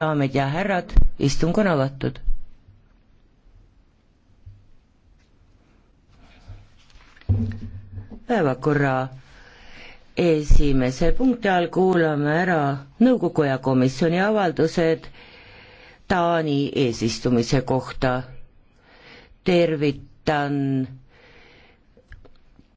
daamid ja härrad, istung on avatud. päevakorra esimese punkti all kuulame ära nõukogu ja komisjoni avaldused Taani eesistumise kohta. tervitan